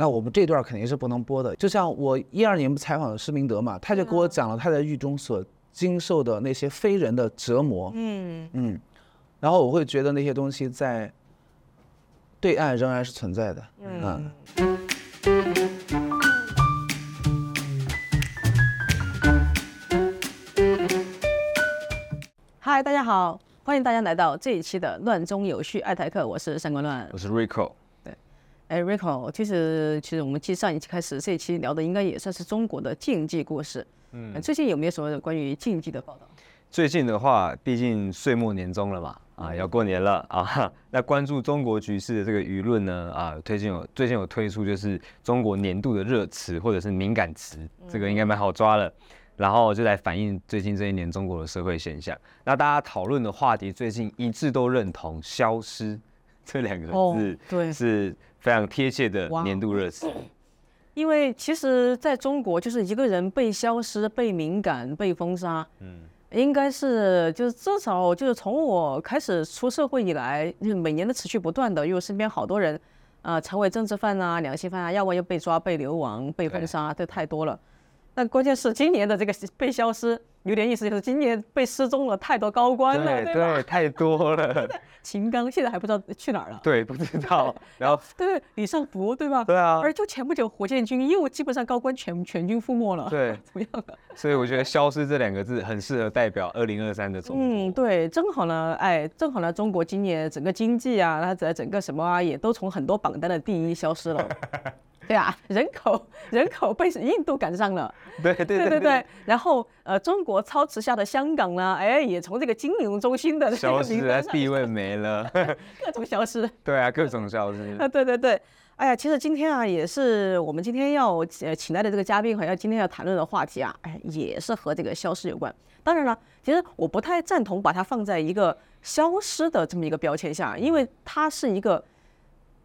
那我們這段肯定是不能播的。就像我一二年不採訪的施明德嘛，他就給我講了他在獄中所經受的那些非人的折磨。嗯嗯，然後我會覺得那些東西在對岸仍然是存在的。嗯。嗨、嗯，Hi，大家好，歡迎大家來到這一期的《亂中有序》愛台客，我是上官亂，我是 Rico。哎、欸，Rico，其實其實我們從上一期開始，這一期聊的應該也算是中國的禁忌故事。嗯，最近有沒有什麼關於禁忌的報道？最近的話，畢竟歲末年終了嘛，啊，要過年了啊。那關注中國局勢的這個輿論呢，啊，最近有最近有推出就是中國年度的熱詞或者是敏感詞，這個應該蠻好抓的、嗯。然後就來反映最近這一年中國的社會現象。那大家討論的話題最近一致都認同“消失”這兩個字、哦，對，是。非常貼切的年度熱詞，因為其實在中國，就是一個人被消失、被敏感、被封殺，嗯，應該是就是至少就是從我開始出社會以來，就每年的持續不斷的，因為身邊好多人，啊、呃，成為政治犯啊、良心犯啊，要麼就被抓、被流亡、被封殺，這太多了。那關鍵是今年的這個被消失。有點意思，就是今年被失蹤了太多高官了對，對、對太多了。秦 剛現在還不知道去哪兒了，對，不知道。然後對李尚福，對吧？對啊。而就前不久，火箭軍又基本上高官全全軍覆沒了，對， 怎麼樣？所以我覺得“消失”這兩個字很適合代表二零二三的中國。嗯，對，正好呢，哎，正好呢，中國今年整個經濟啊，它整個什麼啊，也都從很多榜單的第一消失了。 對啊，人口人口被印度趕上了，對 對對對對。然後呃，中國操持下的香港呢，哎，也從這個金融中心的消失，地位沒了， 各種消失。 對啊，各種消失。 啊，對對對。哎呀，其實今天啊，也是我們今天要呃請來的這個嘉賓好像今天要談論的話題啊，哎，也是和這個消失有關。當然了，其實我不太贊同把它放在一個消失的這麼一個標籤下，因為它是一個。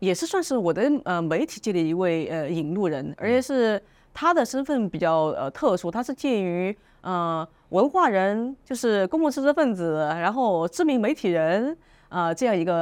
也是算是我的呃媒體界的一位呃引路人，而且是他的身份比較呃特殊，他是介於呃文化人，就是公共知識分子，然後知名媒體人啊、呃、這樣一個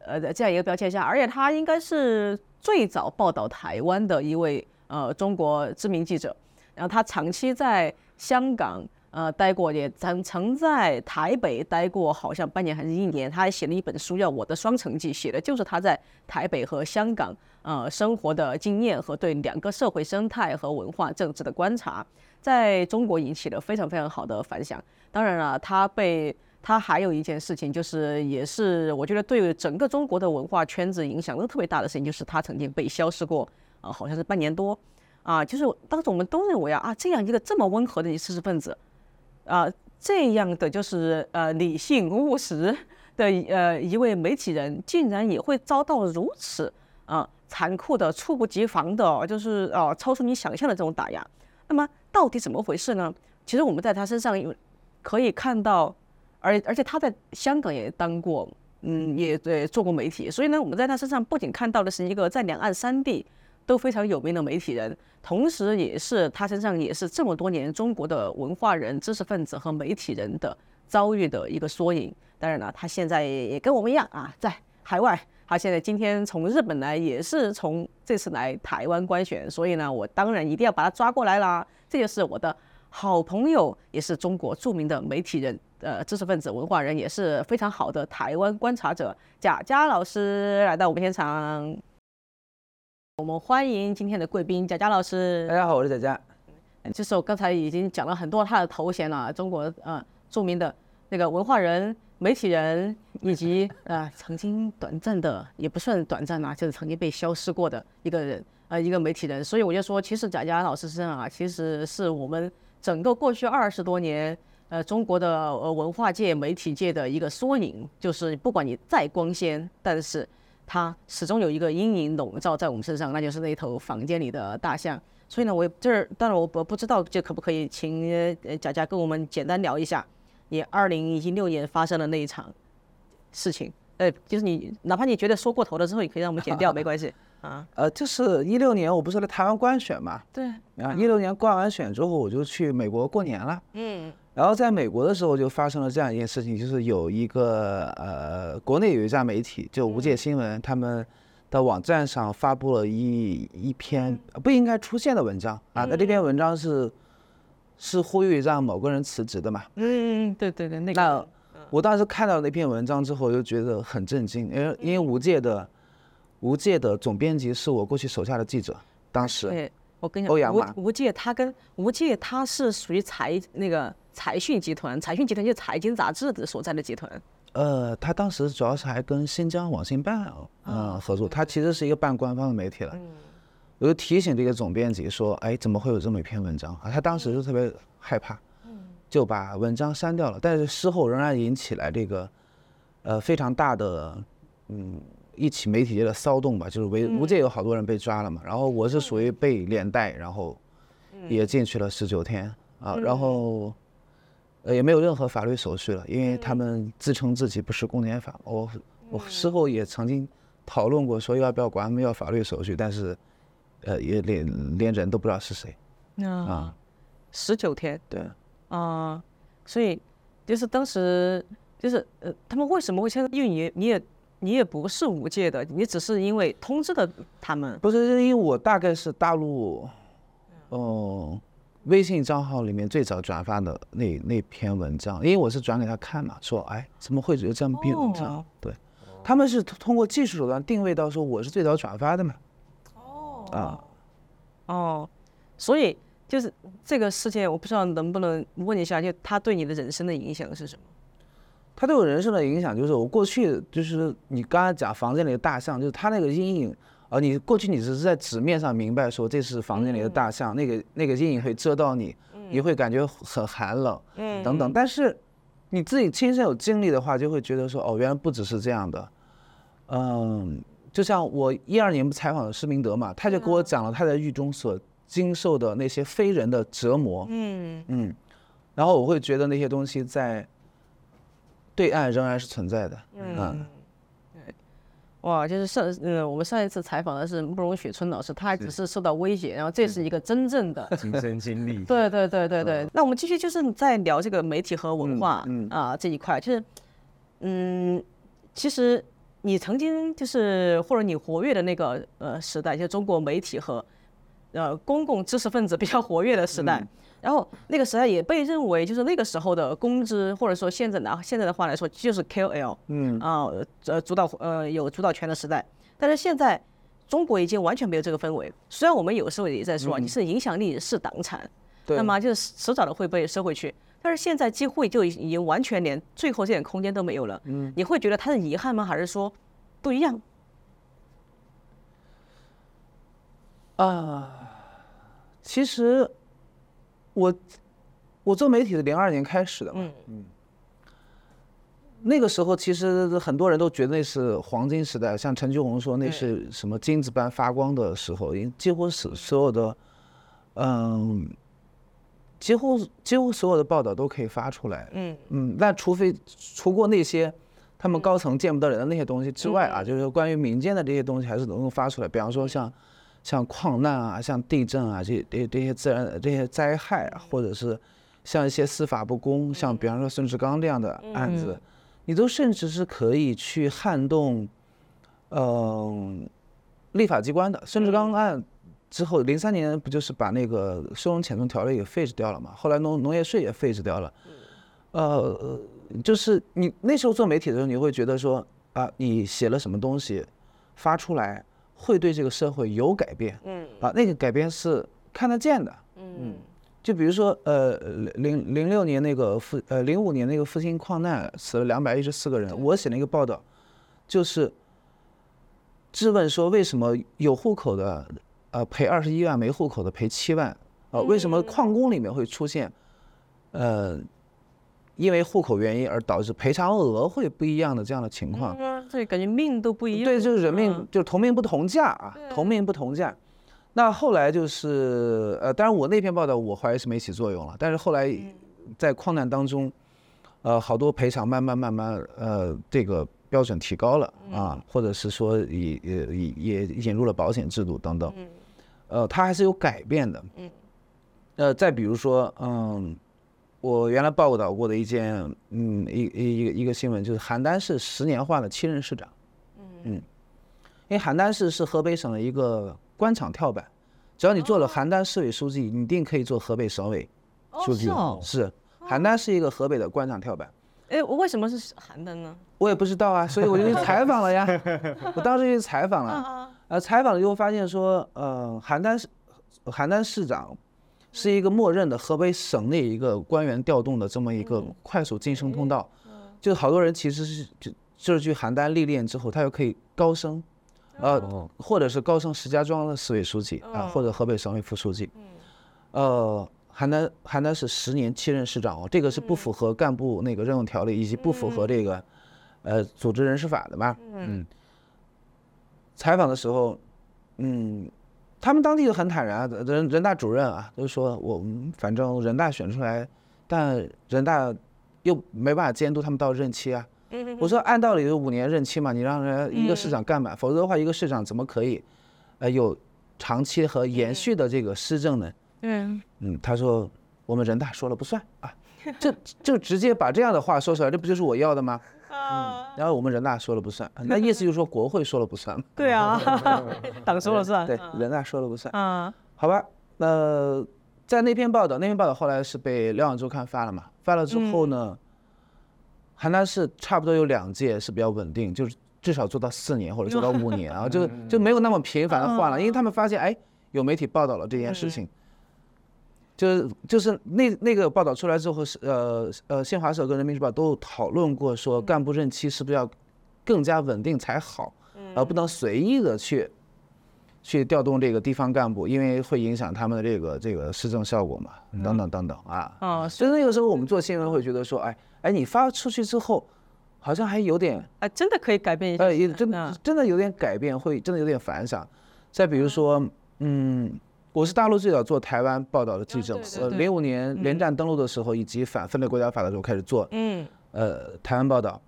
呃這樣一個標籤下，而且他應該是最早報道台灣的一位呃中國知名記者，然後他長期在香港，呃，待過也曾曾在台北待過，好像半年還是一年。他還寫了一本書，叫《我的雙城記》，寫的就是他在台北和香港呃生活的經驗和對兩個社會生態和文化政治的觀察，在中國引起了非常非常好的反響。當然了，他被他還有一件事情，就是也是我覺得對整個中國的文化圈子影響都特別大的事情，就是他曾經被消失過啊、呃，好像是半年多啊。就是當時我們都認為啊啊，這樣一個這麼溫和的一知識分子。啊，這樣的就是呃、啊、理性務實的呃、啊、一位媒體人，竟然也會遭到如此啊殘酷的、猝不及防的，就是呃、啊、超出你想象的這種打壓。那麼到底怎麼回事呢？其實我們在他身上有可以看到，而而且他在香港也當過，嗯，也對做過媒體。所以呢，我們在他身上不僅看到的是一個在兩岸三地。都非常有名的媒體人，同時也是他身上也是這麼多年中國的文化人、知識分子和媒體人的遭遇的一個縮影。當然了，他現在也跟我們一樣啊，在海外。他現在今天從日本來，也是從這次來台灣觀選，所以呢，我當然一定要把他抓過來了。這就是我的好朋友，也是中國著名的媒體人、呃，知識分子、文化人，也是非常好的台灣觀察者賈葭老師來到我們現場。我們歡迎今天的貴賓賈葭老師。大家好，我是賈葭。就是我剛才已經講了很多他的頭銜了，啊，中國呃、啊、著名的那個文化人、媒體人，以及呃、啊、曾經短暫的也不算短暫啦，啊，就是曾經被消失過的一個人，呃一個媒體人。所以我就說，其實賈葭老師身上啊，其實是我們整個過去二十多年呃中國的呃文化界、媒體界的一個縮影。就是不管你再光鮮，但是。它始終有一個陰影籠罩在我們身上，那就是那頭房間裡的大象。所以呢，我這兒當然我不不知道，就可不可以請賈葭跟我們簡單聊一下你二零一六年發生的那一場事情？哎，就是你哪怕你覺得說過頭了之後，你可以讓我們剪掉， 沒關係啊。呃，就是一六年我不是來台灣觀選嘛？對。啊，一六年觀完選之後，我就去美國過年了。嗯。然後在美國的時候就發生了這樣一件事情，就是有一個呃，國內有一家媒體，就無界新聞，他們的網站上發布了一一篇不應該出現的文章啊。那這篇文章是是呼籲讓某個人辭職的嘛？嗯，對對對，那個，那我當時看到那篇文章之後，就覺得很震驚，因為因為無界的無界的總編輯是我過去手下的記者，當時，對，我跟你講，歐陽，無界他跟無界他是屬於財那個。財訊集團，財訊集團就是財經雜誌的所在的集團。呃，他當時主要是還跟新疆網信辦嗯、呃啊，合作、嗯。他其實是一個半官方的媒體了。我、嗯、就提醒這個總編輯說，哎，怎麼會有這麼一篇文章啊？他當時就特別害怕，嗯、就把文章刪掉了、嗯。但是事後仍然引起來這個，呃，非常大的，嗯，一起媒體界的騷動吧。就是無、嗯，無界有好多人被抓了嘛。然後我是屬於被連帶，然後也進去了十九天啊、嗯嗯。然後。呃，也沒有任何法律手續了，因為他們自稱自己不是公檢法。嗯、我我事後也曾經討論過，說要不要管他們要法律手續，但是，呃，也連連人都不知道是誰。嗯、啊，十九天，對，啊、嗯，所以就是當時就是呃，他們為什麼會簽？因為你你也你也不是無界的，你只是因為通知的他們。不是，是因為我大概是大陸，哦、嗯。微信賬號裡面最早轉發的那那篇文章，因為我是轉給他看嘛，說哎，怎麼會有這樣一篇文章？哦？對，他們是通過技術手段定位到說我是最早轉發的嘛。哦啊，嗯、哦，所以就是這個事件，我不知道能不能問一下，就他對你的人生的影響是什麼？他對我人生的影響就是我過去就是你剛才講房間裡的大象，就是他那個陰影。哦、啊，你過去你只是在紙面上明白說這是房間裡的大象，嗯、那個那個陰影會遮到你，嗯，你會感覺很寒冷，嗯，等等。但是你自己親身有經歷的話，就會覺得說哦，原來不只是這樣的。嗯，就像我一二年採訪的施明德嘛，他就給我講了他在獄中所經受的那些非人的折磨，嗯嗯，嗯。然後我會覺得那些東西在對岸仍然是存在的，嗯。嗯哇，就是上，呃，我們上一次採訪的是慕容雪村老師，他還只是受到威脅，然後這是一個真正的親身經歷。 對對對對對，對、嗯。那我們繼續就是在聊這個媒體和文化、嗯、啊這一塊，就是，嗯，其實你曾經就是或者你活躍的那個呃時代，就是中國媒體和呃公共知識分子比較活躍的時代。嗯然後那個時代也被認為就是那個時候的公知，或者說現在拿現在的話來說，就是 KOL，嗯啊呃主導呃有主導權的時代。但是現在中國已經完全沒有這個氛圍。雖然我們有時候也在說你、嗯、是影響力是黨產，對那麼就是遲早的會被收回去。但是現在幾乎就已經完全連最後這點空間都沒有了。嗯，你會覺得他是遺憾嗎？還是說不一樣？啊，其實。我，我做媒體是零二年開始的嘛，嗯，那個時候其實很多人都覺得那是黃金時代，像陳菊紅說那是什麼金子般發光的時候，因、嗯、幾乎所所有的，嗯，幾乎幾乎所有的報道都可以發出來，嗯嗯，那除非除過那些他們高層見不得人的那些東西之外啊、嗯，就是關於民間的這些東西還是能夠發出來，比方說像。像礦難啊，像地震啊，這這這些自然這些災害啊，或者是像一些司法不公，像比方說孫志剛這樣的案子，你都甚至是可以去撼動，嗯，呃，立法機關的。孫志剛案之後，零三年不就是把那個收容遣送條例給廢止掉了嘛？後來農農業稅也廢止掉了。呃，就是你那時候做媒體的時候，你會覺得說啊，你寫了什麼東西發出來會對這個社會有改變，嗯，啊，那個改變是看得見的，嗯，就比如說，呃，零零六年那個阜，呃，零五年那個阜新礦難死了兩百一十四個人，我寫了一個報道，就是質問說為什麼有戶口的，呃，賠二十一萬，沒戶口的賠七萬，啊、呃，為什麼礦工裡面會出現，呃，因為戶口原因而導致賠償額會不一樣的這樣的情況。嗯嗯對，感覺命都不一樣。對，就是人命，嗯、就是同命不同價啊，啊，同命不同價。那後來就是呃，當然我那篇報道，我懷疑是沒起作用了。但是後來在礦難當中，嗯、呃，好多賠償慢慢慢慢呃，這個標準提高了、嗯、啊，或者是說也也也引入了保險制度等等，呃，它還是有改變的。嗯。呃，再比如說，嗯。我原來報道過的一件，嗯，一個一個一個，一個新聞，就是邯鄲市十年換了七任市長，嗯，因為邯鄲市是河北省的一個官場跳板，只要你做了邯鄲市委書記、哦，你一定可以做河北省委書記，哦是，哦、是，邯鄲是一個河北的官場跳板。哎，我為什麼是邯鄲呢？我也不知道啊，所以我就去採訪了呀， 我當時去採訪了，呃、啊，採訪了以後發現說，呃，邯鄲市邯鄲市長。是一個默認的河北省內一個官員調動的這麼一個快速晉升通道，嗯嗯嗯、就好多人其實是就就是去邯鄲歷練之後，他又可以高升，呃、哦，或者是高升石家莊的市委書記、哦、啊，或者河北省委副書記，嗯、呃，邯鄲邯鄲是十年七任市長哦，這個是不符合幹部那個任用條例，以及不符合這個、嗯、呃組織人事法的吧嗯？嗯，採訪的時候，嗯。他們當地就很坦然啊，人人大主任啊，就說我反正人大選出來，但人大又沒辦法監督他們到任期啊。我說按道理是五年任期嘛，你讓人一個市長幹滿，否則的話一個市長怎麼可以，呃有長期和延續的這個施政呢？嗯嗯，他說我們人大說了不算啊，這就直接把這樣的話說出來，這不就是我要的嗎？啊、嗯，然後我們人大說了不算，那意思就是說國會說了不算， 對啊，黨說了算對，對，人大說了不算，啊、嗯，好吧，呃，在那篇報道，那篇報道後來是被《瞭望週刊》發了嘛，發了之後呢，邯、嗯、鄲市差不多有兩屆是比較穩定，就是至少做到四年或者做到五年啊，嗯、然後就就沒有那麼頻繁的換了，嗯、因為他們發現哎，有媒體報道了這件事情。嗯就是就是那那個報道出來之後，是呃呃新華社跟人民日報都討論過，說幹部任期是不是要更加穩定才好，嗯、而不能隨意的去去調動這個地方幹部，因為會影響他們的這個這個施政效果嘛，等等等等啊。哦、嗯，所以那個時候我們做新聞會覺得說，哎哎，你發出去之後，好像還有點哎、啊，真的可以改變一下，呃，也真、啊、真的有點改變，會真的有點反響。再比如說，嗯。嗯我是大陸最早做台灣報道的記者，啊、對對對呃，零五年連戰登陸的時候，嗯、以及反分裂國家法的時候開始做，嗯，呃，台灣報道。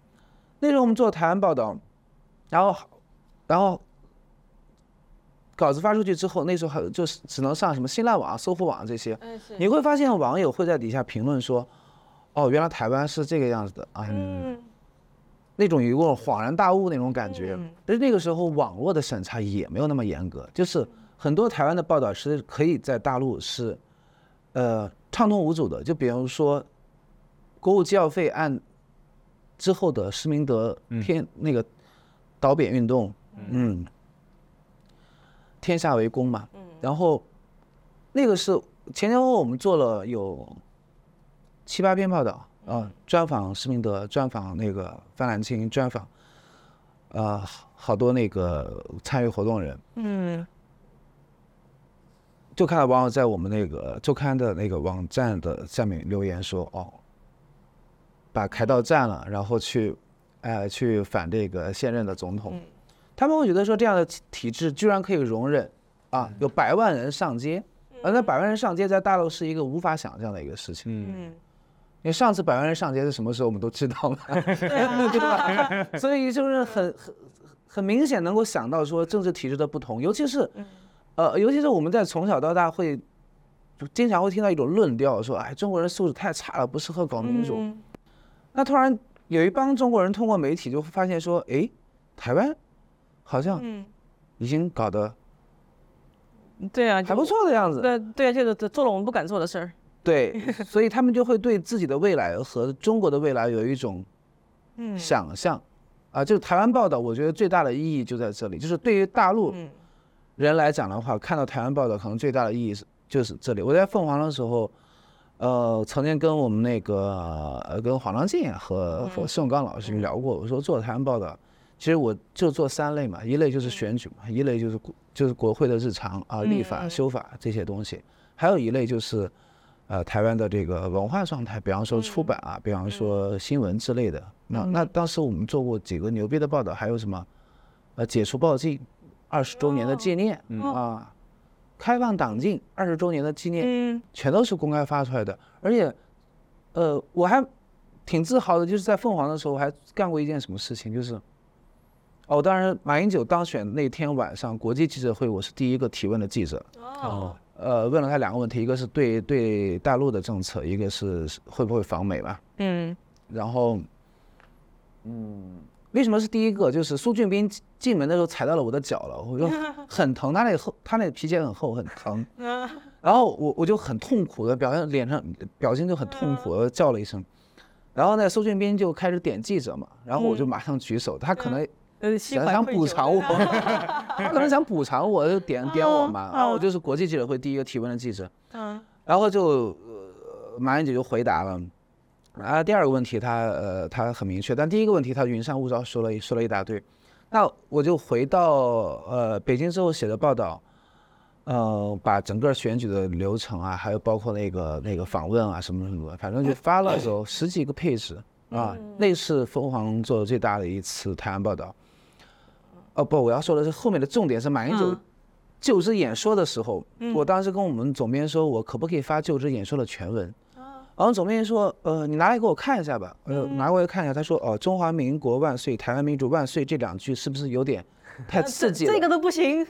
那時候我們做台灣報道，然後，然後，稿子發出去之後，那時候還就是、只能上什麼新浪網、搜狐網這些，你會發現網友會在底下評論說，哦，原來台灣是這個樣子的啊嗯，嗯，那種有一種恍然大悟那種感覺、嗯。但是那個時候網絡的審查也沒有那麼嚴格，就是。很多台灣的報道是可以在大陸是，呃，暢通無阻的。就比如說，國務機要費案之後的施明德天、嗯、那個倒扁運動，嗯，嗯，天下為公嘛。然後，那個是前前後後我們做了有七八篇報道啊、呃，專訪施明德，專訪那個范蘭青，專訪、呃，啊好多那個參與活動人，嗯，嗯。就看到網友在我們那個週刊的那個網站的下面留言說：“哦，把凱道佔了，然後去，哎、呃，去反這個現任的總統。嗯”他們會覺得說這樣的體制居然可以容忍啊、嗯，有百萬人上街啊！而那百萬人上街在大陸是一個無法想象的一個事情。嗯，因為上次百萬人上街是什麼時候，我們都知道了，對吧？所以就是很很很明顯能夠想到說政治體制的不同，尤其是。呃，尤其是我們在從小到大會，就經常會聽到一種論調說，說哎，中國人素質太差了，不適合搞民主。嗯。那突然有一幫中國人通過媒體就發現說，哎，台灣好像已經搞得對啊，還不錯的樣子。對、嗯、對啊，就是做了我們不敢做的事兒。對，所以他們就會對自己的未來和中國的未來有一種想象、嗯、啊。就是台灣報道，我覺得最大的意義就在這裡，就是對於大陸。嗯人來講的話，看到台灣報道可能最大的意義是就是這裡。我在鳳凰的時候，呃，曾經跟我們那個呃，跟黃長劍和，和宋剛老師聊過。嗯、我說做台灣報道、嗯，其實我就做三類嘛，一類就是選舉嘛、嗯，一類就是就是國會的日常啊、呃，立法修法這些東西，還有一類就是呃，台灣的這個文化狀態，比方說出版啊，嗯、比方說新聞之類的。嗯、那那當時我們做過幾個牛逼的報道，還有什麼呃，解除報禁。二十周年的紀念、哦、啊、哦，開放黨禁二十周年的紀念，嗯，全都是公開發出來的。而且，呃，我還挺自豪的，就是在鳳凰的時候我還幹過一件什麼事情，就是哦，當然，馬英九當選那天晚上，國際記者會，我是第一個提問的記者。哦，呃，問了他兩個問題，一個是對對大陸的政策，一個是會不會訪美吧。嗯，然後，嗯。為什麼是第一個？就是蘇俊斌進門的時候踩到了我的腳了，我就很疼，他那厚，他那皮鞋很厚，很疼。然後我我就很痛苦的表現，臉上表情就很痛苦的叫了一聲。然後呢，蘇俊斌就開始點記者嘛，然後我就馬上舉手，他可能想想補償我，他可能想補償我就點點我嘛。啊，我就是國際記者會第一個提問的記者。嗯。然後就馬英九就回答了。啊，第二個問題他，他呃他很明確，但第一個問題他雲山霧罩，說了一說了一大堆。那我就回到呃北京之後寫的報道呃把整個選舉的流程啊，還有包括那個那個訪問啊什麼什麼的，反正就發了有十幾個 page、哦嗯、啊，那是鳳凰做的最大的一次台灣報道哦、啊、不，我要說的是後面的重點是馬英九就職演說的時候、嗯，我當時跟我們總編說，我可不可以發就職演說的全文？然後總編說：“呃，你拿來給我看一下吧。呃，拿過來給我看一下。”他說：“哦，中華民國萬歲，台灣民主萬歲，這兩句是不是有點太刺激了？這，這、這個都不行、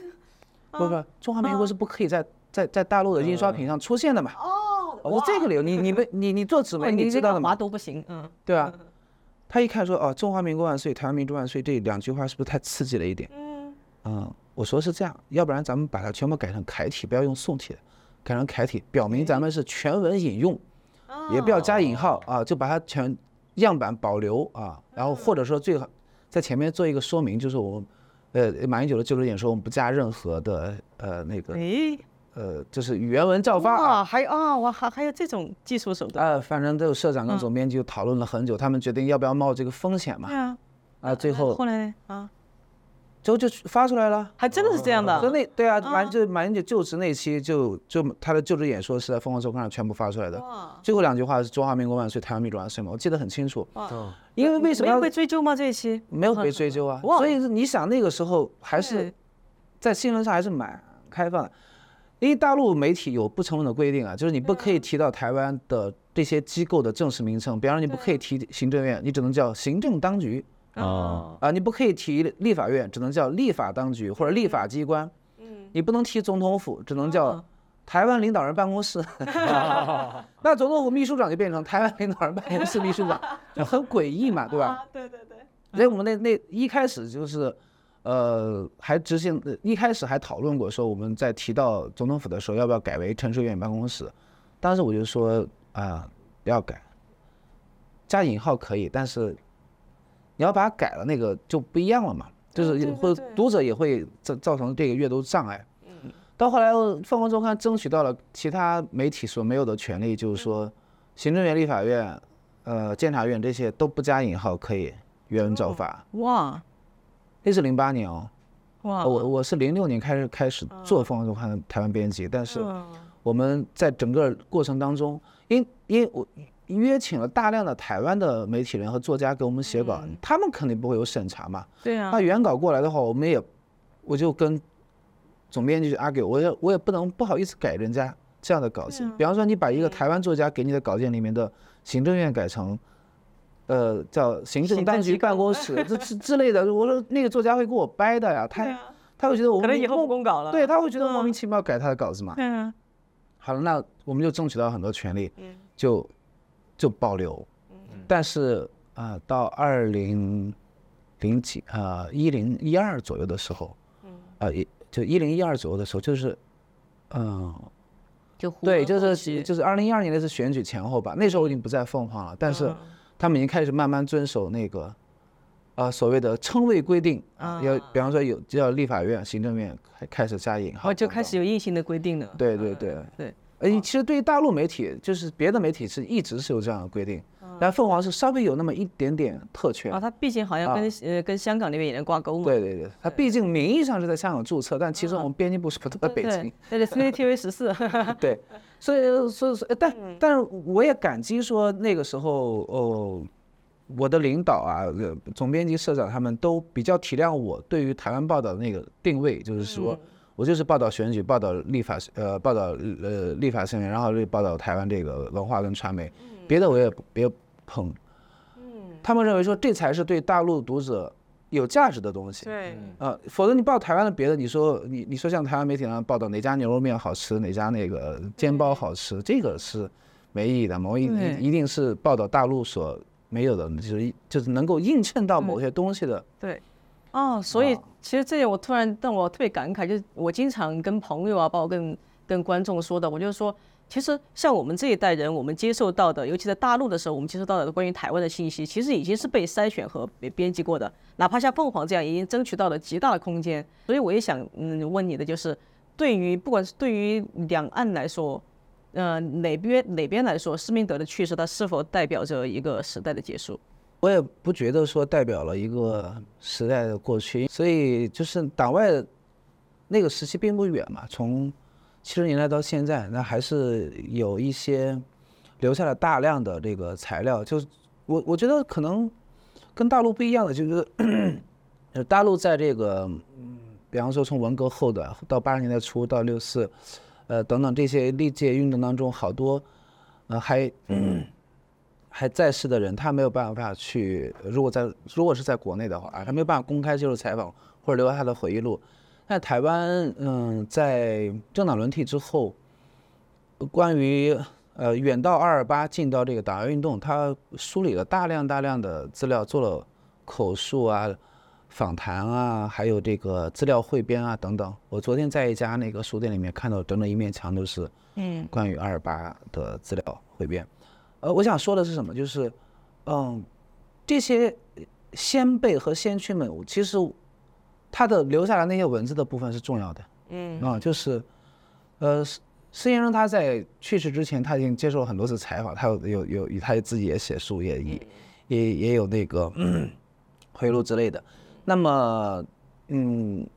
啊。不不，中華民國是不可以在在在，在大陸的印刷品上出現的嘛？嗯、哦，我說這個理由。你你你你，你做紙媒、哦，你知道的嗎，嘛、哦？華都不行。嗯，對吧、啊嗯？他一看說：‘哦，中華民國萬歲，台灣民主萬歲’這兩句話是不是太刺激了一點？嗯，嗯，我說是這樣。要不然咱們把它全部改成楷體，不要用宋體的，改成楷體，表明咱們是全文引用。哎”也不要加引號啊，就把它全樣板保留啊、嗯，然後或者說最好在前面做一個說明，就是我們呃馬英九的就職演說，我們不加任何的呃那個誒呃就是原文照發啊、哎，還有啊我還還有這種技術手段啊，呃、反正都有社長跟總編輯就討論了很久，他們決定要不要冒這個風險嘛啊，啊、呃、啊最後後來呢啊。之後就發出來了，還真的是這樣的。所以那對啊，馬就馬英九就職那期就，就就他的就職演說是在鳳凰周刊上全部發出來的。最後兩句話是“中華民國萬歲，台灣民主萬歲”嘛，我記得很清楚。因為為什麼要被追究嗎？這一期沒有被追究啊。所以你想那個時候還是在新聞上還是蠻開放的，因為大陸媒體有不成文的規定啊，就是你不可以提到台灣的這些機構的正式名稱，比方說你不可以提行政院，你只能叫行政當局。啊、哦、啊！你不可以提立法院，只能叫立法當局或者立法機關。嗯，你不能提總統府，只能叫台灣領導人辦公室。 那總統府秘書長就變成台灣領導人辦公室秘書長， 就很詭異嘛，對吧？啊、對對對。所、嗯、以，我們那那一開始就是，呃，還執行一開始還討論過，說我們在提到總統府的時候，要不要改為陳水扁辦公室？當時我就說啊，不要改，加引號可以，但是。你要把它改了，那個就不一樣了嘛，就是會讀者也會造造成這個閱讀障礙。嗯，到後來鳳凰周刊爭取到了其他媒體所沒有的權利，就是說行政院立法院、呃監察院這些都不加引號可以原文照發。哇，那是零八年哦。哇，我我是零六年開始開始做鳳凰周刊的台灣編輯，但是我們在整個過程當中，因因我。約請了大量的台灣的媒體人和作家給我們寫稿，嗯，他們肯定不會有審查嘛。對呀、啊。那原稿過來的話，我們也，我就跟總編輯 argue，我也我也不能不好意思改人家這樣的稿子。啊、比方說，你把一個台灣作家給你的稿件裡面的行政院改成，嗯、呃，叫行政當局辦公室，這之 之類的。我說那個作家會給我掰的呀，他、啊、他會覺得我可能以後不供稿了。對，他會覺得莫名其妙改他的稿子嘛。嗯。啊、好了，那我們就爭取到很多權利，嗯、就。就保留，但是啊、呃，到二零零幾呃一零一二左右的時候，啊、呃、一就一零一二左右的時候、就是呃，就是嗯，就對，就是就是二零一二年的是選舉前後吧。那時候我已經不在鳳凰了，但是他們已經開始慢慢遵守那個啊、呃、所謂的稱謂規定啊，要比方說有叫立法院、行政院開開始加引號、哦，就開始有硬性的規定了。對對對、嗯、對。哎，其實對於大陸媒體，就是別的媒體是一直是有這樣的規定，但鳳凰是稍微有那麼一點點特權、嗯、啊。它畢竟好像跟、啊、呃跟香港那邊也能掛鈎嘛，對對對，它畢竟名義上是在香港註冊，但其實我們編輯部是在北京。嗯、對對，CCTV 十四。對，對， 對，所以所以但但我也感激說那個時候哦，我的領導啊，總編輯、社長他們都比較體諒我對於台灣報道的那個定位，就是說，嗯我就是報道選舉，報道立法，呃，報道呃立法新聞，然後就報道台灣這個文化跟傳媒，嗯、別的我也別碰、嗯。他們認為說，這才是對大陸讀者有價值的東西。對、嗯，呃、啊，否則你報台灣的別的，你說你你說像台灣媒體上報道哪家牛肉麵好吃，哪家那個煎包好吃，嗯、這個是沒意義的。某一一一定是報道大陸所沒有的，就是就是能夠映襯到某些東西的。嗯、對。哦、oh，所以其實這點我突然讓我特別感慨，就是我經常跟朋友啊，包括跟跟觀眾說的，我就是說，其實像我們這一代人，我們接受到的，尤其在大陸的時候，我們接受到的關於台灣的信息，其實已經是被篩選和編輯過的。哪怕像鳳凰這樣，已經爭取到了極大的空間。所以我也想嗯問你的，就是對於不管是對於兩岸來說，呃哪邊哪邊來說，施明德的去世，它是否代表着一個時代的結束？我也不覺得說代表了一個時代的過去，所以就是黨外那個時期並不遠嘛。從七十年代到現在，那還是有一些留下了大量的這個材料。就我我覺得可能跟大陸不一樣的，就是 大陸在這個比方說從文革後的到八十年代初到六四，呃，呃等等這些歷屆運動當中，好多呃還。嗯還在世的人，他沒有辦法去。如果在，如果是在國內的話，他沒有辦法公開接受採訪或者留下他的回憶錄。在台灣，嗯，在政黨輪替之後，關於呃遠到二二八進到這個黨外運動，他梳理了大量大量的資料，做了口述啊、訪談啊，還有這個資料彙編啊等等。我昨天在一家那個書店裡面看到，整整一面牆都是嗯關於二二八的資料彙編。嗯呃，我想說的是什麼？就是，嗯，這些先輩和先驅們，其實他的留下來那些文字的部分是重要的嗯。嗯啊，就是，呃，施先生他在去世之前，他已經接受了很多次採訪，他有有有，他自己也寫書也、嗯，也也也有那個、嗯、回憶錄之類的。那麼，嗯，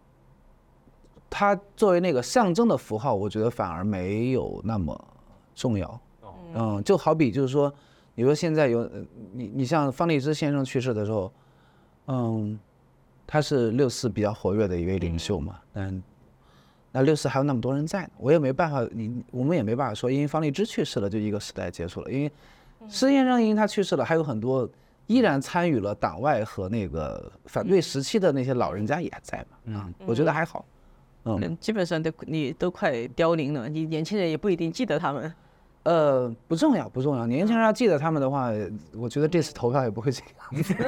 他作為那個象徵的符號，我覺得反而沒有那麼重要。嗯，就好比就是說，你說現在有你，你像方勵之先生去世的時候，嗯，他是六四比較活躍的一位領袖嘛，嗯，但那六四還有那麼多人在呢，我也沒辦法，你我們也沒辦法說，因為方勵之去世了，就一個時代結束了。因為施先生因為他去世了，還有很多依然參與了黨外和那個反對時期的那些老人家也在嘛，嗯，嗯我覺得還好，嗯，基本上都你都快凋零了，你年輕人也不一定記得他們。呃，不重要，不重要。年輕人要記得他們的話，我覺得這次投票也不會這樣。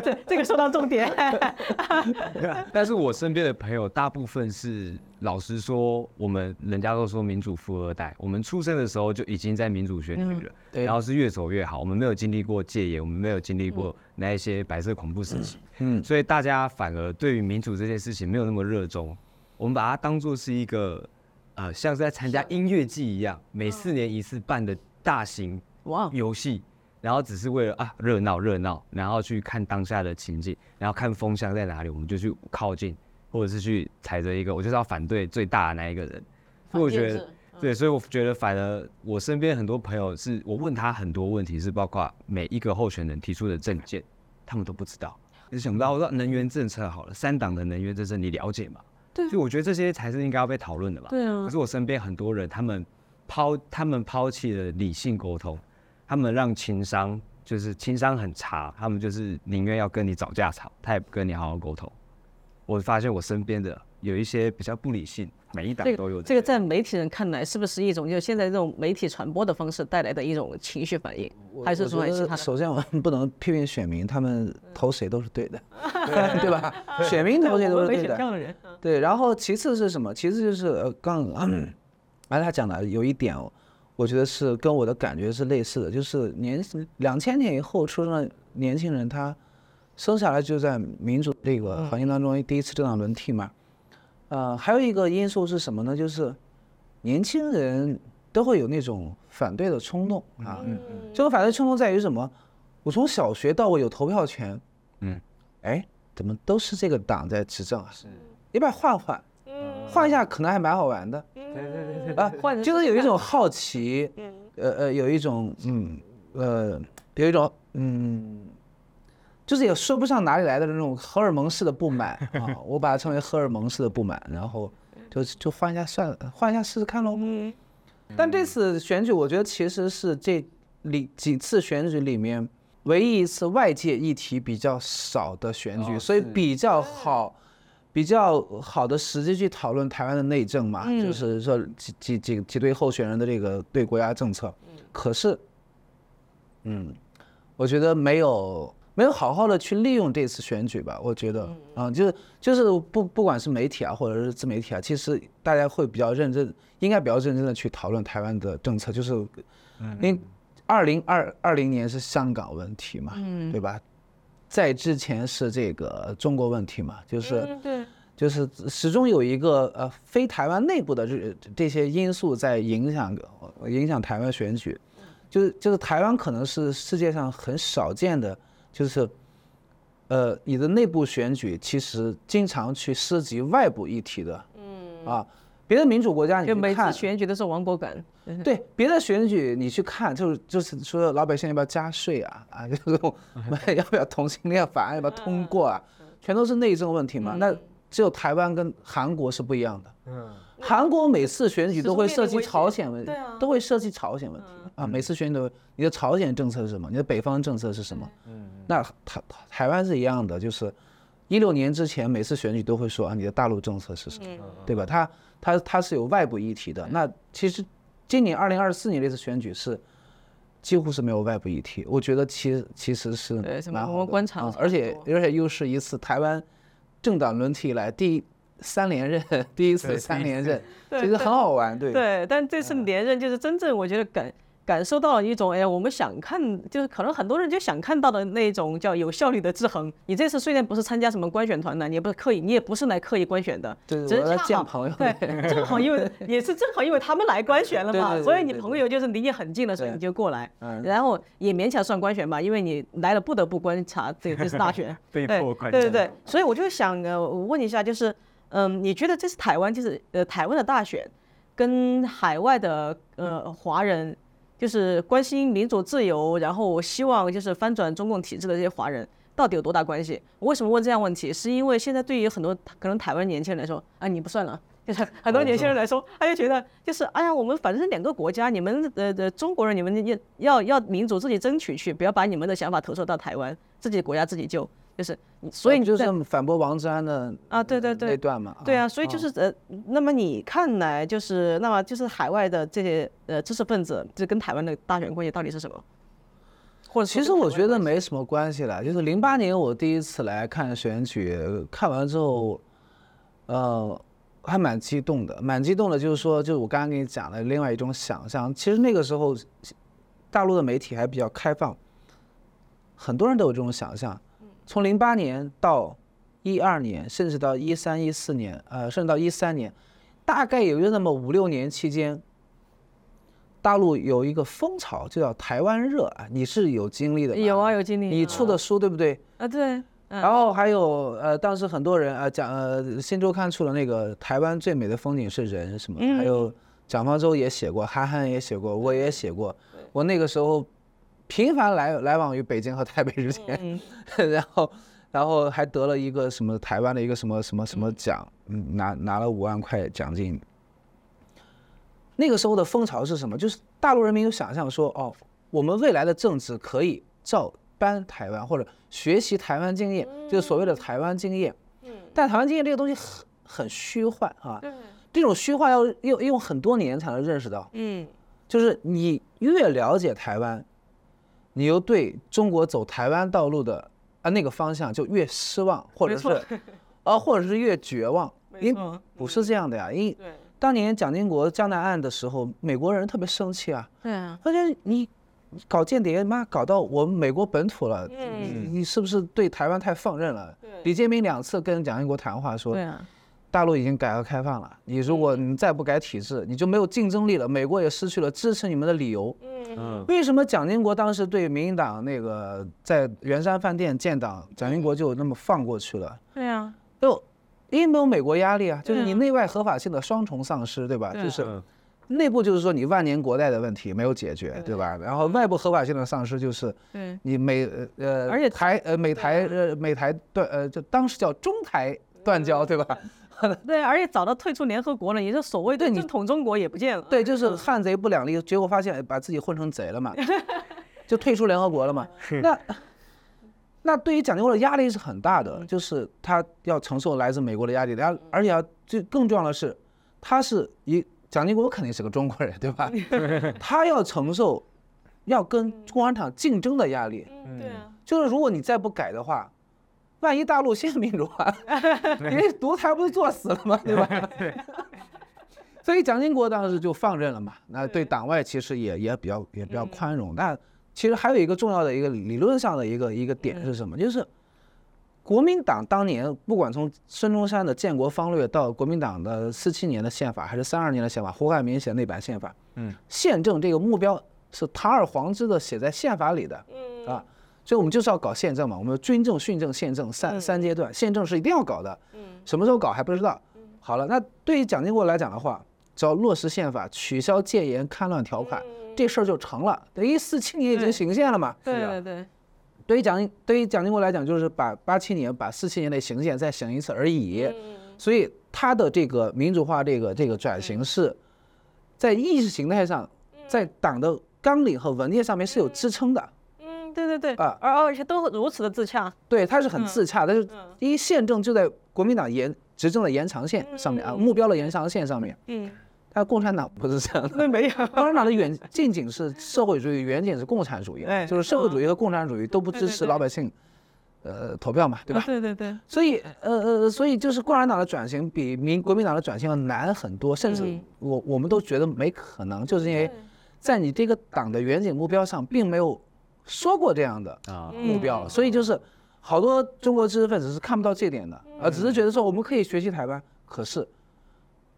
對，這個說到重點 但是，我身邊的朋友大部分是，老實說，我們人家都說民主富二代，我們出生的時候就已經在民主選舉了，嗯，然後是越走越好。我們沒有經歷過戒嚴，我們沒有經歷過那一些白色恐怖時期，嗯，嗯所以大家反而對於民主這件事情沒有那麼熱衷，我們把它當做是一個。呃，像是在參加音樂季一樣，每四年一次辦的大型哇遊戲，然後只是為了啊熱鬧熱鬧，然後去看當下的情景，然後看風向在哪裡，我們就去靠近，或者是去踩着一個，我就是要反對最大的那一個人。所以我覺得，對，所以我覺得反而我身邊很多朋友是，我問他很多問題是包括每一個候選人提出的政見，他們都不知道。你想不到我說能源政策好了，三黨的能源政策你了解嗎？所以我覺得這些才是應該要被討論的吧。對啊。可是我身邊很多人，他們拋他們拋棄了理性溝通，他們讓情商就是情商很差，他們就是寧願要跟你吵架吵，他也不跟你好好溝通。我發現我身邊的。有一些比較不理性，每一黨都有。這個在媒體人看來，是不是一種就是現在這種媒體傳播的方式帶來的一種情緒反應，還是說？首先，我們不能批評選民，他們投誰都是對的，嗯 對,啊、對吧對？選民投誰都是對的,的人。對，然後其次是什麼？其次就是呃，剛而、嗯嗯啊、他講的有一點，我覺得是跟我的感覺是類似的，就是年兩千年以後出生的年輕人，他生下來就在民主這個環境當中第一次政黨輪替嘛。嗯呃，還有一個因素是什麼呢？就是年輕人都會有那種反對的衝動啊。嗯嗯。這個反對衝動在於什麼？我從小學到我有投票權。嗯。哎，怎麼都是這個黨在執政啊？是。要不要換換？嗯。換一下可能還蠻好玩的。對對對對。啊，換是就是有一種好奇。嗯。呃呃，有一種嗯，呃，有一種嗯。呃就是也說不上哪裡來的那種荷爾蒙式的不滿啊，我把它稱為荷爾蒙式的不滿，然後就就換一下算了，換一下試試看嘍。但這次選舉，我覺得其實是這裡幾次選舉裡面唯一一次外界議題比較少的選舉，所以比較好比較好的時機去討論台灣的內政嘛，就是說幾幾幾幾對候選人的這個對國家政策。可是，嗯，我覺得沒有。沒有好好的去利用這次選舉吧？我覺得啊，呃，就是就是不不管是媒體啊，或者是自媒體啊，其實大家會比較認真，應該比較認真的去討論台灣的政策，就是，因二零二二零年是香港問題嘛，對吧？在之前是這個中國問題嘛，就是對，就是始終有一個呃非台灣內部的這這些因素在影響影響台灣選舉，就是就是台灣可能是世界上很少見的。就是，呃，你的內部選舉其實經常去涉及外部議題的，嗯啊，別的民主國家你去看，每次選舉都是亡國感，對，別的選舉你去看，就是就是說老百姓要不要加稅啊啊，就是要不要同性戀法案要不要通過啊，嗯、全都是內政問題嘛、嗯，那只有台灣跟韓國是不一樣的，嗯。韓國每次選舉都會涉及朝鮮問題，都會涉及朝鮮問題啊，啊、嗯！每次選舉都會，你的朝鮮政策是什麼？你的北方政策是什麼？嗯，那台台灣是一樣的，就是一六年之前每次選舉都會說啊，你的大陸政策是什麼？嗯、對吧？它它它是有外部議題的。嗯、那其實今年二零二四年這次選舉是幾乎是沒有外部議題，我覺得其其實是蠻好的是觀察、啊。而且而且又是一次台灣政黨輪替以來第一。三連任，第一次三連任，對對對其實很好玩，對對，對，對。但這次連任就是真正我覺得感、嗯、感受到了一種，哎，我們想看就是可能很多人就想看到的那一種叫有效率的制衡。你這次雖然不是參加什麼觀選團的，你也不是刻意，你也不是來刻意觀選的，對只是來見朋友，對。正好因為呵呵也是正好因為他們來觀選了嘛，所以你朋友就是離你很近的時候你就過來，嗯。然後也勉強算觀選嘛，因為你來了不得不觀察，對，這、就、次、是、大選對，對對對所以我就想呃，我問一下，就是。嗯，你覺得這是台灣，就是呃台灣的大選，跟海外的呃華人，就是關心民主自由，然後我希望就是翻轉中共體制的這些華人，到底有多大關係？我為什麼問這樣問題？是因為現在對於很多可能台灣年輕人來說，啊你不算了，就是很多年輕人來說，哦，他就覺得就是哎呀，我們反正是兩個國家，你們呃呃中國人，你們要要要民主自己爭取去，不要把你們的想法投射到台灣，自己的國家自己救就是。所以你就是反駁王志安的啊？對對對，那段嘛。對啊，所以就是呃，那麼你看來就是那麼就是海外的這些呃知識分子，就是跟台灣的大選關係到底是什麼？或者其實我覺得沒什麼關係了。就是零八年我第一次來看選舉，看完之後，呃，還蠻激動的，蠻激動的。就是說，就是我剛剛給你講的另外一種想象。其實那個時候，大陸的媒體還比較開放，很多人都有這種想象。從零八年到一二年，甚至到一三一四年，呃，甚至到一三年，大概也就那麼五六年期間，大陸有一個風潮，就叫台灣熱啊。你是有經歷的，有啊，有經歷、啊。你出的書對不對？啊，對。嗯、然後還有呃，當時很多人啊、呃、講呃，新周刊出了那個《台灣最美的風景是人》什麼、嗯，還有蔣方舟也寫過，韓寒也寫過，我也寫過。我那個時候。頻繁來來往於北京和台北之間，嗯，然後，然後還得了一個什麼台灣的一個什麼什麼什麼獎，嗯嗯，拿拿了五萬塊獎金。那個時候的風潮是什麼？就是大陸人民有想象說，哦，我們未來的政治可以照搬台灣或者學習台灣經驗，就是所謂的台灣經驗。嗯。但台灣經驗這個東西很很虛幻啊，對，這種虛幻要要用，用很多年才能認識到。嗯。就是你越了解台灣。你又對中國走台灣道路的啊那個方向就越失望，或者是啊，或者是越絕望，因不是這樣的呀。因為當年蔣經國江南案的時候，美國人特別生氣啊，對啊，而且你搞間諜，嘛搞到我們美國本土了，你是不是對台灣太放任了？李建明兩次跟蔣經國談話說，大陸已經改革開放了，你如果你再不改體制，你就沒有競爭力了，美國也失去了支持你們的理由。為什麼蔣經國當時對民進黨那個在圓山飯店建黨，蔣經國就那麼放過去了？對呀，就因為沒有美國壓力啊，就是你內外合法性的雙重喪失，對吧？就是內部就是說你萬年國代的問題沒有解決，對吧？然後外部合法性的喪失就是，對，你美呃呃台呃美台呃美台斷呃就當時叫中台斷交，對吧？對，而且找到退出聯合國了，也就所謂的正統中國”也不見了，對。對，就是漢賊不兩立，結果發現把自己混成賊了嘛， 就退出聯合國了嘛。 那，那對於蔣經國的壓力是很大的，就是他要承受來自美國的壓力，他而且最、啊、更重要的是，他是一蔣經國肯定是個中國人，對吧？ 他要承受要跟共產黨競爭的壓力。對啊，就是如果你再不改的話。萬一大陸現在民主化，因為獨裁不是作死了嗎？對吧？對。所以蔣經國當時就放任了嘛。那對黨外其實也也比較也比較寬容，嗯。但其實還有一個重要的一個理論上的一個一個點是什麼？嗯？就是國民黨當年不管從孫中山的建國方略到國民黨的四七年的憲法，還是三二年的憲法，胡漢民寫那版憲法，嗯，憲政這個目標是堂而皇之的寫在憲法裡的，嗯啊。所以我們就是要搞憲政嘛，我們軍政訓政憲政三三階段，憲政是一定要搞的。什麼時候搞還不知道。好了，那對於蔣經國來講的話，只要落實憲法，取消戒嚴戡亂條款，嗯、這事兒就成了。等於四七年已經行憲了嘛對。對對對，對於蔣對於蔣經國來講，就是把八七年把四七年的行憲再行一次而已、嗯。所以他的這個民主化這個這個轉型是、嗯，在意識形態上，在黨的綱領和文件上面是有支撐的。對對對啊、呃，而而且都如此的自洽。對，他是很自洽，就、嗯，第一憲政就在國民黨延執政的延長線上面啊、嗯，目標的延長線上面。嗯，但共產黨不是這樣的，沒、嗯、有。共產黨的遠、嗯、近景是社會主義，嗯、遠景是共產主義、嗯，就是社會主義和共產主義都不支持老百姓，對對對呃，投票嘛，對吧？啊、對對對。所以呃呃，所以就是共產黨的轉型比民國民黨的轉型要難很多，嗯、甚至我我們都覺得沒可能、嗯，就是因為在你這個黨的遠景目標上並沒有。說過這樣的啊目標、嗯，所以就是好多中國知識分子是看不到這點的啊，嗯、只是覺得說我們可以學習台灣。嗯、可是，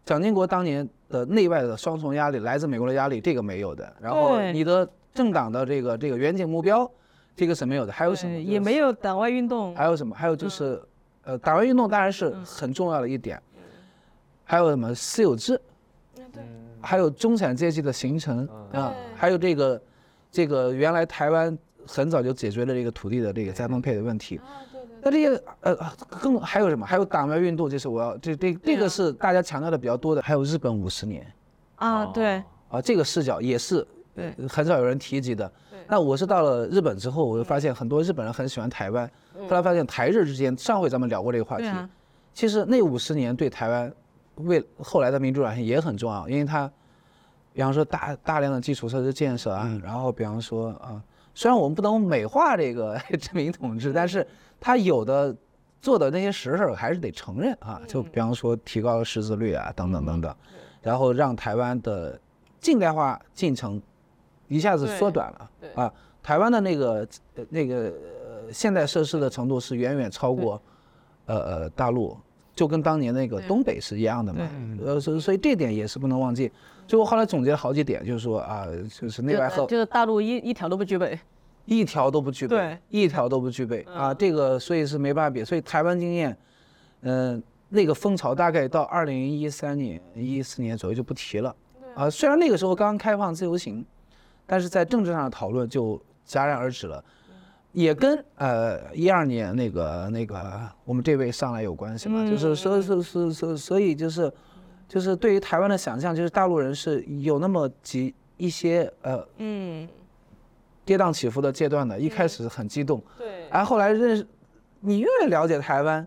蔣經國當年的內外的雙重壓力，來自美國的壓力，這個沒有的。然後你的政黨的這個這個遠景目標，這個是沒有的。還有什麼、就是？也沒有黨外運動。還有什麼？還有就是，嗯、呃，黨外運動當然是很重要的一點。嗯、還有什麼私有制、嗯？還有中產階級的形成、嗯、啊，還有這個。這個原來台灣很早就解決了這個土地的這個再分配的問題，那這些呃更還有什麼？還有黨外運動，就是我要，這這這個是大家強調的比較多的。還有日本五十年，啊對啊這個視角也是很少有人提及的。那我是到了日本之後，我就發現很多日本人很喜歡台灣。後來發現台日之間，上回咱們聊過這個話題，其實那五十年對台灣為後來的民主轉型也很重要，因為它。比方說大大量的基礎設施建設啊、嗯，然後比方說啊，雖然我們不能美化這個殖民統治，但是它有的做的那些實事還是得承認啊。就比方說提高了識字率啊，等等等等，然後讓台灣的近代化進程一下子縮短了啊。台灣的那個那個現代設施的程度是遠遠超過呃呃大陸，就跟當年那個東北是一樣的嘛。呃，所以所以這點也是不能忘記。所以我後來總結了好幾點，就是說啊，就是內外合，就是大陸一一條都不具備，一條都不具備，對，一條都不具備啊，這個所以是沒辦法比，所以台灣經驗，嗯，那個風潮大概到二零一三年、一四年左右就不提了，啊，雖然那個時候剛剛開放自由行，但是在政治上的討論就戛然而止了，也跟呃一二年那個那個我們這位上來有關係嘛，就是說說說說，所以就是。就是對於台灣的想象，就是大陸人是有那麼幾一些呃，嗯，跌宕起伏的階段的。一開始是很激動，對，哎，後來認識，你越了解台灣，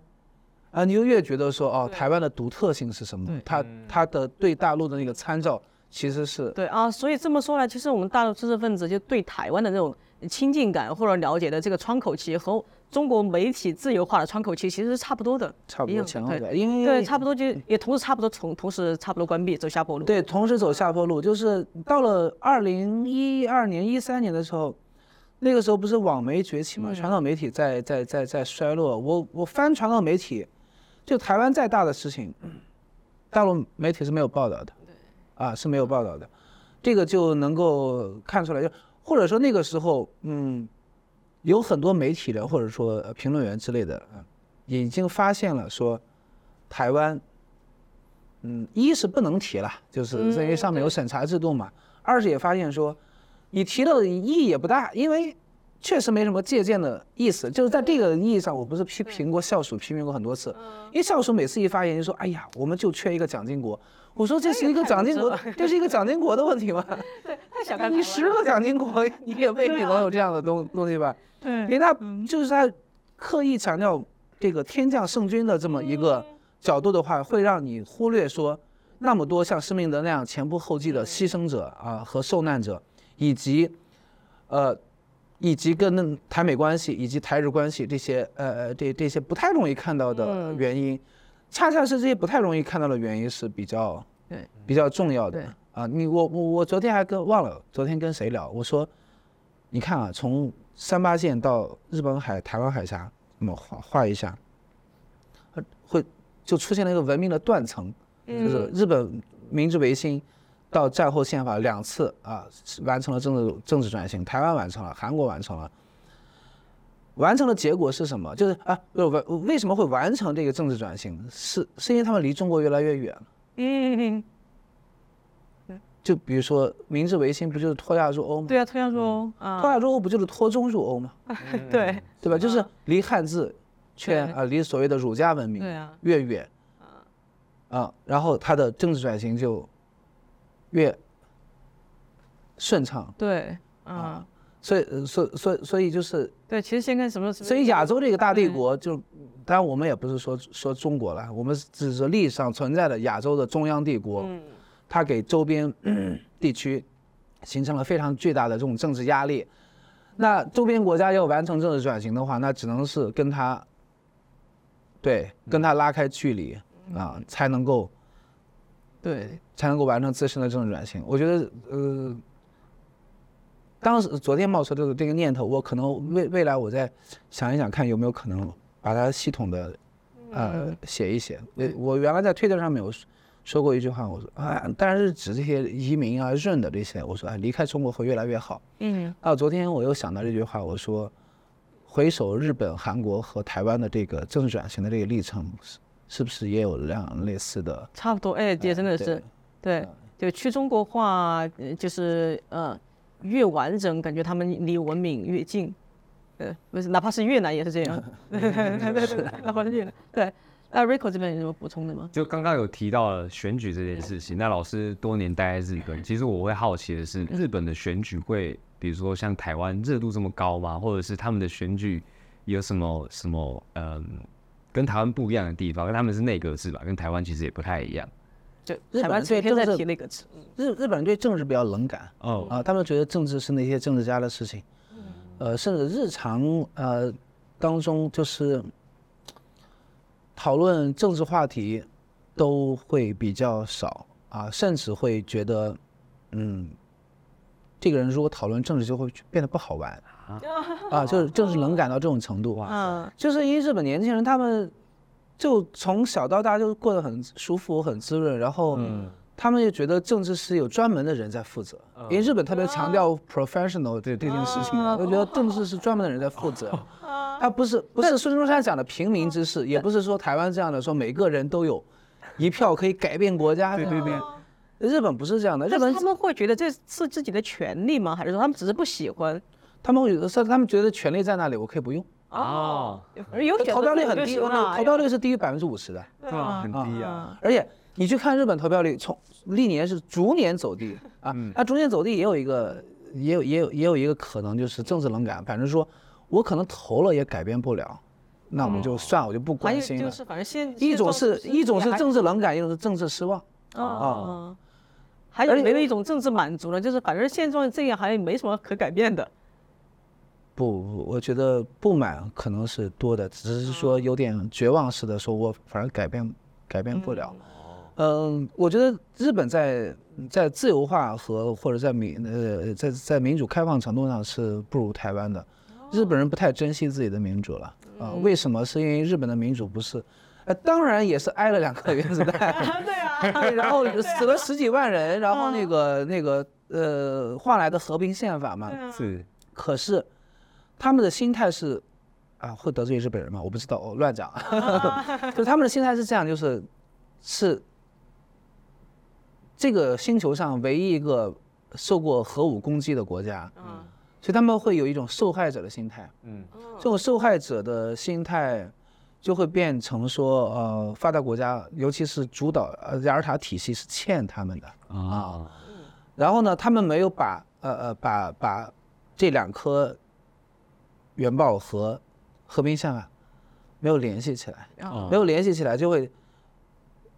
啊，你就越覺得說，哦，台灣的獨特性是什麼？它它的對大陸的那個參照其實是對啊，所以這麼說來，其實我們大陸知識分子就對台灣的那種親近感或者了解的這個窗口期和，中國媒體自由化的窗口期其實是差不多的，差不多前後，因為對差不多就也同時差不多同同時差不多關閉走下坡路，對，對，同時走下坡路，就是到了二零一二年一三年的時候，那個時候不是網媒崛起嘛，傳統媒體在在在在衰落，我我翻傳統媒體，就台灣再大的事情，大陸媒體是沒有報道的，對，啊是沒有報道的，這個就能夠看出來，就或者說那個時候，嗯。有很多媒體的，或者說評論員之類的啊，已經發現了說，台灣，嗯，一是不能提了，就是因為上面有審查制度嘛；嗯、二是也發現說，你提了意義也不大，因為確實沒什麼借鑑的意思。就是在這個意義上，我不是批評過笑蜀批評過很多次，嗯、因為笑蜀每次一發言就說：“哎呀，我們就缺一個蔣經國。”我說：“這是一個蔣經國、哎，這是一個蔣經國的問題嗎？” 對，太小看你十個蔣經國，你也未必能有這樣的東、啊、東西吧。因為他就是他刻意強調這個“天降聖君”的這麼一個角度的話，會讓你忽略說那麼多像施明德那樣前仆後繼的犧牲者啊和受難者，以及呃，以及跟那台美關係以及台日關係這些呃這這些不太容易看到的原因，恰恰是這些不太容易看到的原因是比較對比較重要的啊。你我我我昨天還跟忘了昨天跟誰聊，我說你看啊，從三八線到日本海、台灣海峽，那麼畫畫一下，會就出現了一個文明的斷層，就是日本明治維新到戰後憲法兩次啊，完成了政治政治轉型，台灣完成了，韓國完成了。完成的結果是什麼？就是啊，為為什麼會完成這個政治轉型？是是因為他們離中國越來越遠了？嗯。就比如說，明治維新不就是脫亞入歐嗎、嗯？對啊，脫亞入歐啊、嗯、脫亞入歐不就是脫中入歐嗎、嗯？對，對吧？就是離漢字，圈啊，離所謂的儒家文明，啊、對啊，越遠，啊，然後他的政治轉型就越順暢、啊。對，啊，所以，所，所，所以就是對，其實先看什麼所以亞洲這個大帝國，就當然我們也不是說說中國了，我們只是歷史上存在的亞洲的中央帝國、嗯。它給周邊地區形成了非常巨大的這種政治壓力。那周邊國家要完成政治轉型的話，那只能是跟他對跟他拉開距離啊，才能夠對才能夠完成自身的這種轉型。我覺得呃，當時昨天冒出的這個念頭，我可能未未來我再想一想看有沒有可能把它系統的呃寫一寫。我我原來在推特上面有。說過一句話，我說、啊、當然是指這些移民啊、潤的這些，我說哎、啊，離開中國會越來越好。嗯。啊，昨天我又想到這句話，我說，回首日本、韓國和台灣的這個政治轉型的這個歷程，是是不是也有這樣類似的？差不多，哎，也真的是、哎對對，對，對，去中國化，就是嗯，越完整，感覺他們離文明越近。對，不是，哪怕是越南也是這樣。對。那 Rico 這邊有什麼補充的嗎？就剛剛有提到了選舉這件事情。嗯、那老師多年待在日本，嗯，其實我會好奇的是，日本的選舉會，比如說像台灣熱度這麼高嗎？或者是他們的選舉有什麼什麼？嗯，跟台灣不一樣的地方，跟他們是內閣制吧？跟台灣其實也不太一樣。對，日本都在提內閣制，日日本人對政治比較冷感哦。啊、呃，他們覺得政治是那些政治家的事情。嗯。呃，甚至日常呃當中就是。討論政治話題都會比較少啊，甚至會覺得，嗯，這個人如果討論政治就會變得不好玩啊啊，啊，就是政治冷感到這種程度啊，就是因為日本年輕人他們就從小到大就過得很舒服、很滋潤，然後他們又覺得政治是有專門的人在負責，嗯、因為日本特別強調 professional 對、啊、對這件事情，就、啊、覺得政治是專門的人在負責。啊啊啊啊他、啊、不是不是孫中山講的平民之事，也不是說台灣這樣的說每個人都有，一票可以改變國家的。 對對對，日本不是這樣的。日本他們會覺得這是自己的權利嗎？還是說他們只是不喜歡？他們會他們覺得權利在那裡，我可以不用啊。而、哦、且投票率很低，啊，投票率是低於百分之五十的，很低啊，啊、嗯。而且你去看日本投票率，從歷年是逐年走低啊。那逐年走低也有一個，也有也有也有一個可能就是政治冷感，反正說。我可能投了也改變不了，那我們就算、哦、我就不關心了。就是，反正現一種是，現是，一種是政治冷感，一種是政治失望啊。啊，還有沒有一種政治滿足呢？就是反正現狀這樣，好像沒什麼可改變的。不不，我覺得不滿可能是多的，只是說有點絕望似的說，我反而改變改變不了。嗯，呃、我覺得日本在在自由化和或者在民呃在在民主開放程度上是不如台灣的。日本人不太珍惜自己的民主了啊、呃？為什麼？是因為日本的民主不是？呃，當然也是挨了兩顆原子彈， 對啊對，然後死了十幾萬人，啊、然後那個、嗯、那個呃換來的和平憲法嘛，對、啊。可是他們的心態是啊，會得罪日本人嗎？我不知道哦，亂講。就 他們的心態是這樣，就是是這個星球上唯一一個受過核武攻擊的國家。嗯。所以他們會有一種受害者的心態，嗯，這種受害者的心態就會變成說，呃，發達國家，尤其是主導，呃，雅爾塔體系是欠他們的啊，啊，然後呢，他們沒有把，呃呃，把把這兩顆原爆和和平憲法啊沒有聯繫起來，沒有聯繫起來就會，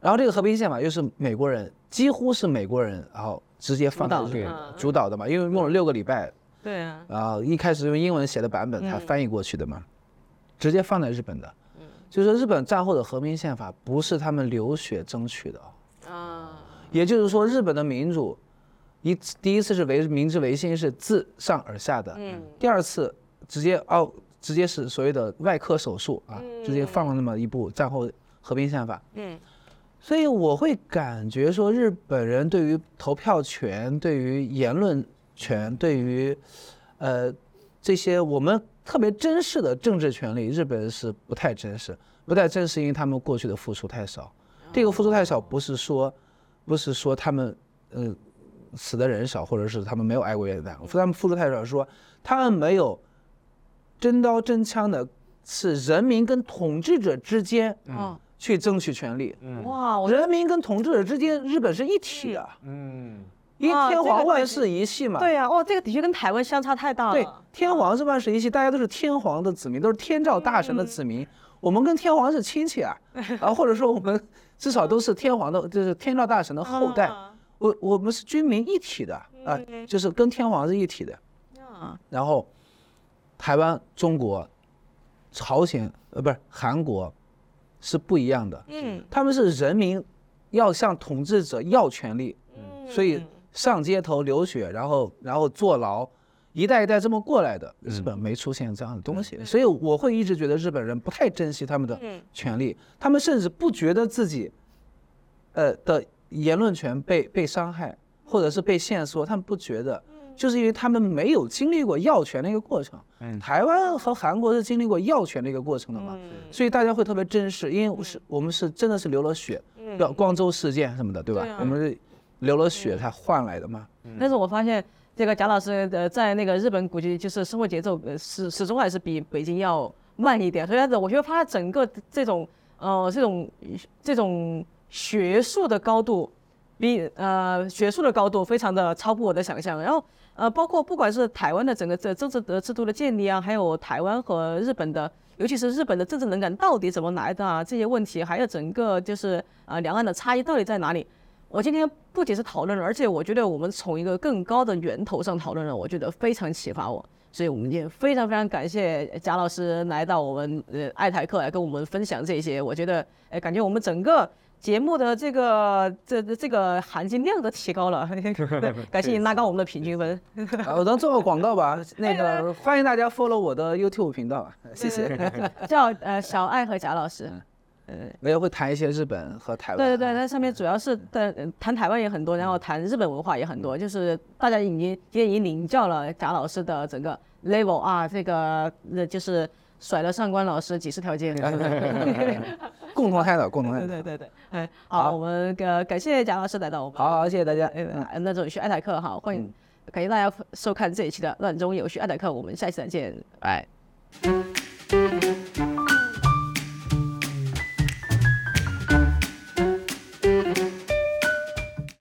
然後這個和平憲法嘛，又是美國人，幾乎是美國人，然後直接放、嗯、主導的嘛，因為用了六個禮拜。對啊，啊，一開始用英文寫的版本他翻譯過去的嘛、嗯，直接放在日本的，嗯、就是日本戰後的和平憲法，不是他們流血爭取的，啊，也就是說日本的民主，一第一次是為明治維新是自上而下的、嗯，第二次直接哦，直接是所謂的外科手術啊，嗯、直接放了那麼一部戰後和平憲法、嗯，所以我會感覺說日本人對於投票權，對於言論。權對於，呃，這些我們特別珍視的政治權利，日本人是不太珍視，不太珍視，因為他們過去的付出太少。這個付出太少，不是說，不是說他們呃死的人少，或者是他們沒有挨過原子彈，他們付出太少，是說他們沒有真刀真槍的是人民跟統治者之間去爭取權利。哇、嗯嗯，人民跟統治者之間，日本是一體啊。嗯。嗯因為天皇萬世一系嘛，對呀，哦，這個的確跟台灣相差太大了。對，天皇是萬世一系，大家都是天皇的子民，都是天照大神的子民。我們跟天皇是親戚啊，然後或者說我們至少都是天皇的，就是天照大神的後代。我我們是君民一體的啊，就是跟天皇是一體的。嗯，然後台灣、中國、朝鮮呃不是韓國是不一樣的。嗯，他們是人民要向統治者要權利，所以。上街頭流血，然後然後坐牢，一代一代這麼過來的、嗯。日本沒出現這樣的東西、嗯，所以我會一直覺得日本人不太珍惜他們的權利，嗯、他們甚至不覺得自己，呃的言論權被被傷害，或者是被限縮，他們不覺得，就是因為他們沒有經歷過要權的一個過程、嗯。台灣和韓國是經歷過要權的一個過程的嘛、嗯，所以大家會特別珍視，因為是我們是真的是流了血，叫光州事件什麼的，對吧？嗯、我們是。流了血才換來的嗎？但是我發現這個賈老師，呃，在那個日本，估計就是生活節奏，始始終還是比北京要慢一點。所以的，我覺得他整個這種，呃，這種這種學術的高度比，比呃學術的高度，非常的超乎我的想象。然後，呃，包括不管是台灣的整個這個政治的制度的建立啊，還有台灣和日本的，尤其是日本的政治敏感到底怎麼來的啊，這些問題，還有整個就是呃兩岸的差異到底在哪裡？我今天不僅是討論了，而且我覺得我們從一個更高的源頭上討論了，我覺得非常啟發我。所以我們也非常非常感謝賈老師來到我們呃愛台客，來跟我們分享這些。我覺得哎、呃，感覺我們整個節目的這個這這個含金量都提高了。 感謝你拉高我們的平均分。 呃、我能做個廣告吧。那個、哎、歡迎大家 follow 我的 YouTube 頻道，哎、謝謝。哎、 叫呃小愛和賈老師。呃，我也會談一些日本和台灣的。對對對，那上面主要是談，談台灣也很多，然後談日本文化也很多。嗯、就是大家已經今天已經領教了賈老師的整個 level 啊，這個就是甩了上官老師幾十條街。共同探討，共同探討。對對對，哎，好、啊，我們感謝賈老師來到我們。好謝謝大家。哎、嗯，那種有序艾特客好，歡迎，感、嗯、謝大家收看這一期的亂中有序艾特客，我們下期再見，拜,拜。